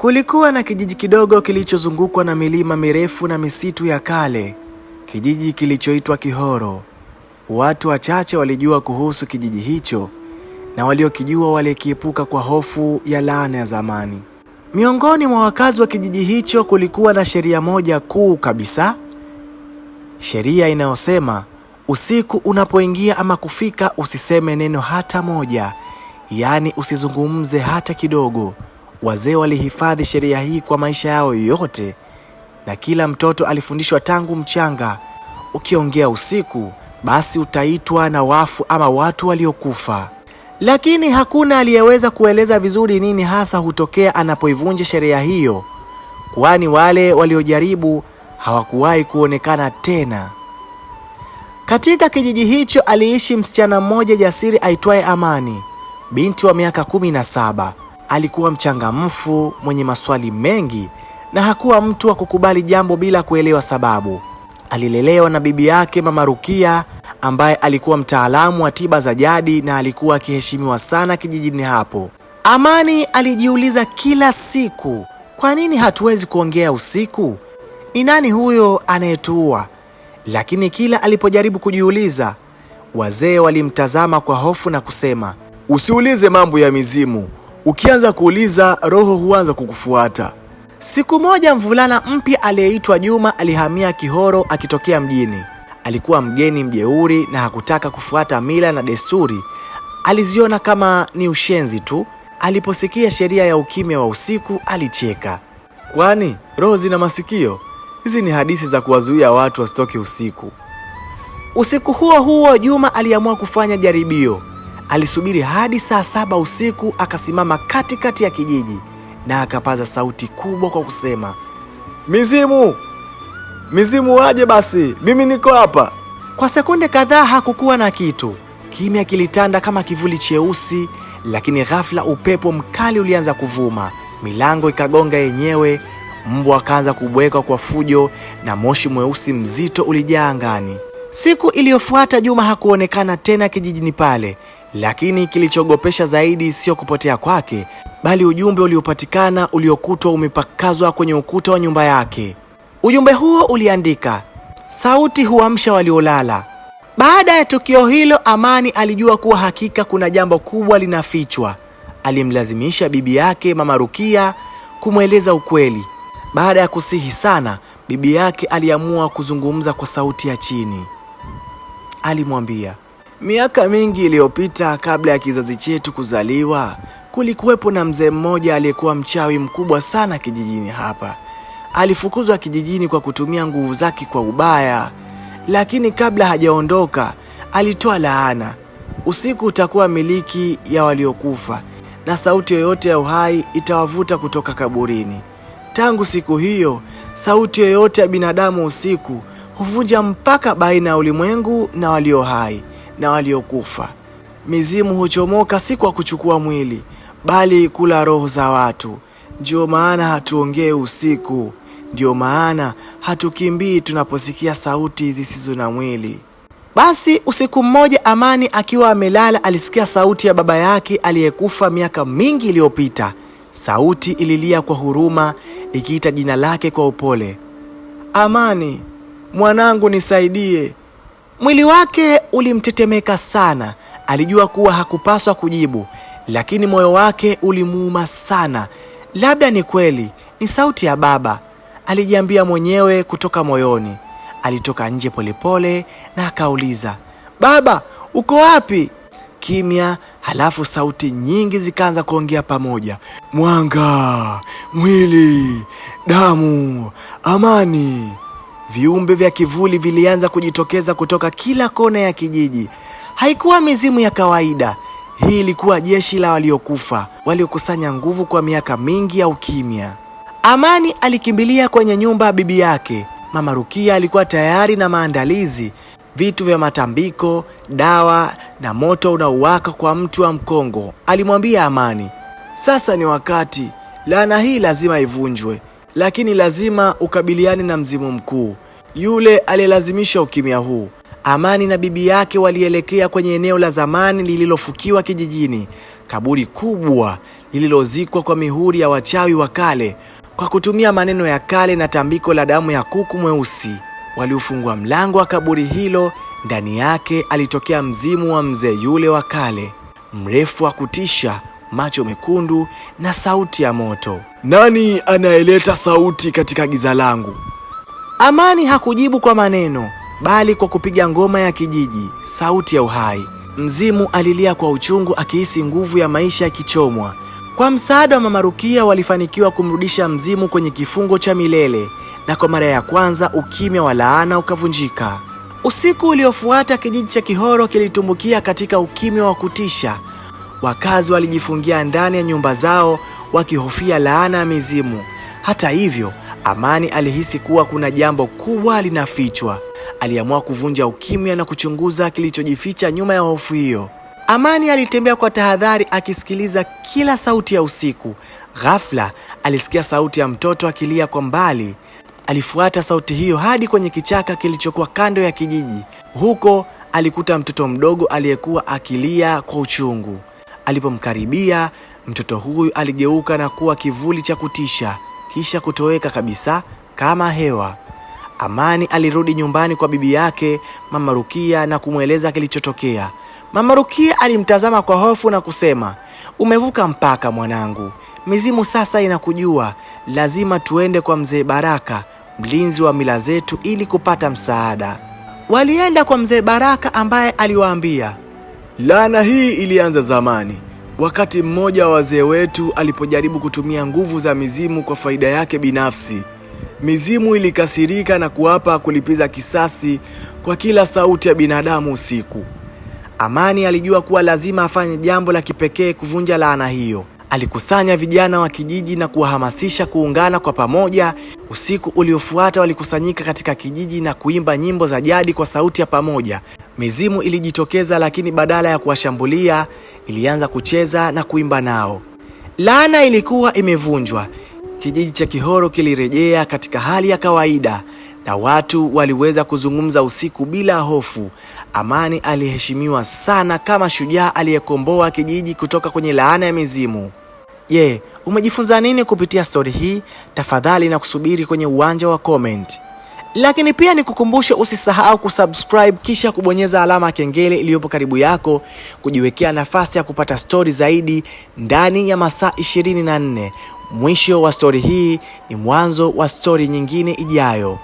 Kulikuwa na kijiji kidogo kilichozungukwa na milima mirefu na misitu ya kale, kijiji kilichoitwa Kihoro. Watu wachache walijua kuhusu kijiji hicho na waliokijua walikiepuka kwa hofu ya laana ya zamani. Miongoni mwa wakazi wa kijiji hicho kulikuwa na sheria moja kuu kabisa, sheria inayosema usiku unapoingia ama kufika, usiseme neno hata moja, yaani usizungumze hata kidogo. Wazee walihifadhi sheria hii kwa maisha yao yote, na kila mtoto alifundishwa tangu mchanga, ukiongea usiku basi utaitwa na wafu ama watu waliokufa. Lakini hakuna aliyeweza kueleza vizuri nini hasa hutokea anapoivunja sheria hiyo, kwani wale waliojaribu hawakuwahi kuonekana tena. Katika kijiji hicho aliishi msichana mmoja jasiri aitwaye Amani, binti wa miaka kumi na saba. Alikuwa mchangamfu, mwenye maswali mengi na hakuwa mtu wa kukubali jambo bila kuelewa sababu. Alilelewa na bibi yake Mama Rukia ambaye alikuwa mtaalamu wa tiba za jadi na alikuwa akiheshimiwa sana kijijini hapo. Amani alijiuliza kila siku, kwa nini hatuwezi kuongea usiku? Ni nani huyo anayetuua? Lakini kila alipojaribu kujiuliza, wazee walimtazama kwa hofu na kusema, usiulize mambo ya mizimu, Ukianza kuuliza, roho huanza kukufuata. Siku moja mvulana mpya aliyeitwa Juma alihamia Kihoro akitokea mjini. Alikuwa mgeni mjeuri na hakutaka kufuata mila na desturi, aliziona kama ni ushenzi tu. Aliposikia sheria ya ukimya wa usiku alicheka, kwani roho zina masikio? Hizi ni hadithi za kuwazuia watu wasitoke usiku. Usiku huo huo Juma aliamua kufanya jaribio. Alisubiri hadi saa saba usiku, akasimama katikati ya kijiji na akapaza sauti kubwa kwa kusema, mizimu, mizimu waje basi, mimi niko hapa. Kwa sekunde kadhaa hakukuwa na kitu, kimya kilitanda kama kivuli cheusi, lakini ghafla upepo mkali ulianza kuvuma, milango ikagonga yenyewe, mbwa akaanza kubweka kwa fujo na moshi mweusi mzito ulijaa angani. Siku iliyofuata Juma hakuonekana tena kijijini pale. Lakini kilichogopesha zaidi sio kupotea kwake, bali ujumbe uliopatikana uliokutwa umepakazwa kwenye ukuta wa nyumba yake. Ujumbe huo uliandika, sauti huamsha waliolala. Baada ya tukio hilo, Amani alijua kuwa hakika kuna jambo kubwa linafichwa. Alimlazimisha bibi yake Mama Rukia kumweleza ukweli. Baada ya kusihi sana, bibi yake aliamua kuzungumza kwa sauti ya chini. Alimwambia, Miaka mingi iliyopita kabla ya kizazi chetu kuzaliwa, kulikuwepo na mzee mmoja aliyekuwa mchawi mkubwa sana kijijini hapa. Alifukuzwa kijijini kwa kutumia nguvu zake kwa ubaya, lakini kabla hajaondoka alitoa laana: usiku utakuwa miliki ya waliokufa na sauti yoyote ya uhai itawavuta kutoka kaburini. Tangu siku hiyo, sauti yoyote ya binadamu usiku huvunja mpaka baina ya ulimwengu na walio hai na waliokufa. Mizimu huchomoka si kwa kuchukua mwili, bali kula roho za watu. Ndiyo maana hatuongee usiku, ndiyo maana hatukimbii tunaposikia sauti zisizo na mwili. Basi usiku mmoja, Amani akiwa amelala, alisikia sauti ya baba yake aliyekufa miaka mingi iliyopita. Sauti ililia kwa huruma, ikiita jina lake kwa upole, Amani mwanangu, nisaidie, Mwili wake ulimtetemeka sana. Alijua kuwa hakupaswa kujibu, lakini moyo wake ulimuuma sana. Labda ni kweli, ni sauti ya baba, alijiambia mwenyewe kutoka moyoni. Alitoka nje polepole na akauliza, "Baba, uko wapi?" Kimya, halafu sauti nyingi zikaanza kuongea pamoja: mwanga, mwili, damu, amani. Viumbe vya kivuli vilianza kujitokeza kutoka kila kona ya kijiji. Haikuwa mizimu ya kawaida. Hii ilikuwa jeshi la waliokufa, waliokusanya nguvu kwa miaka mingi ya ukimya. Amani alikimbilia kwenye nyumba ya bibi yake. Mama Rukia alikuwa tayari na maandalizi, vitu vya matambiko, dawa na moto unaowaka kwa mtu wa mkongo. Alimwambia Amani, sasa ni wakati, laana hii lazima ivunjwe lakini lazima ukabiliane na mzimu mkuu, yule aliyelazimisha ukimya huu. Amani na bibi yake walielekea kwenye eneo la zamani lililofukiwa kijijini, kaburi kubwa lililozikwa kwa mihuri ya wachawi wa kale. Kwa kutumia maneno ya kale na tambiko la damu ya kuku mweusi, waliufungua mlango wa kaburi hilo. Ndani yake alitokea mzimu wa mzee yule wa kale, mrefu wa kutisha, macho mekundu na sauti ya moto. Nani anayeleta sauti katika giza langu? Amani hakujibu kwa maneno, bali kwa kupiga ngoma ya kijiji, sauti ya uhai. Mzimu alilia kwa uchungu, akihisi nguvu ya maisha yakichomwa. Kwa msaada wa Mama Rukia walifanikiwa kumrudisha mzimu kwenye kifungo cha milele, na kwa mara ya kwanza ukimya wa laana ukavunjika. Usiku uliofuata kijiji cha Kihoro kilitumbukia katika ukimya wa kutisha. Wakazi walijifungia ndani ya nyumba zao wakihofia laana ya mizimu. Hata hivyo, Amani alihisi kuwa kuna jambo kubwa linafichwa. Aliamua kuvunja ukimya na kuchunguza kilichojificha nyuma ya hofu hiyo. Amani alitembea kwa tahadhari, akisikiliza kila sauti ya usiku. Ghafla alisikia sauti ya mtoto akilia kwa mbali. Alifuata sauti hiyo hadi kwenye kichaka kilichokuwa kando ya kijiji. Huko alikuta mtoto mdogo aliyekuwa akilia kwa uchungu. Alipomkaribia, Mtoto huyu aligeuka na kuwa kivuli cha kutisha, kisha kutoweka kabisa kama hewa. Amani alirudi nyumbani kwa bibi yake Mama Rukia na kumweleza kilichotokea. Mama Rukia alimtazama kwa hofu na kusema, umevuka mpaka mwanangu, mizimu sasa inakujua. Lazima tuende kwa mzee Baraka, mlinzi wa mila zetu, ili kupata msaada. Walienda kwa mzee Baraka ambaye aliwaambia, laana hii ilianza zamani Wakati mmoja wa wazee wetu alipojaribu kutumia nguvu za mizimu kwa faida yake binafsi, mizimu ilikasirika na kuapa kulipiza kisasi kwa kila sauti ya binadamu usiku. Amani alijua kuwa lazima afanye jambo la kipekee kuvunja laana hiyo. Alikusanya vijana wa kijiji na kuwahamasisha kuungana kwa pamoja. Usiku uliofuata walikusanyika katika kijiji na kuimba nyimbo za jadi kwa sauti ya pamoja. Mizimu ilijitokeza, lakini badala ya kuwashambulia ilianza kucheza na kuimba nao. Laana ilikuwa imevunjwa, kijiji cha Kihoro kilirejea katika hali ya kawaida na watu waliweza kuzungumza usiku bila hofu. Amani aliheshimiwa sana kama shujaa aliyekomboa kijiji kutoka kwenye laana ya mizimu. Je, yeah, umejifunza nini kupitia stori hii? Tafadhali na kusubiri kwenye uwanja wa comment. Lakini pia ni kukumbushe usisahau kusubscribe kisha kubonyeza alama ya kengele iliyopo karibu yako, kujiwekea nafasi ya kupata stori zaidi ndani ya masaa 24. Mwisho wa stori hii ni mwanzo wa stori nyingine ijayo.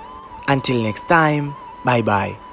Until next time, bye bye.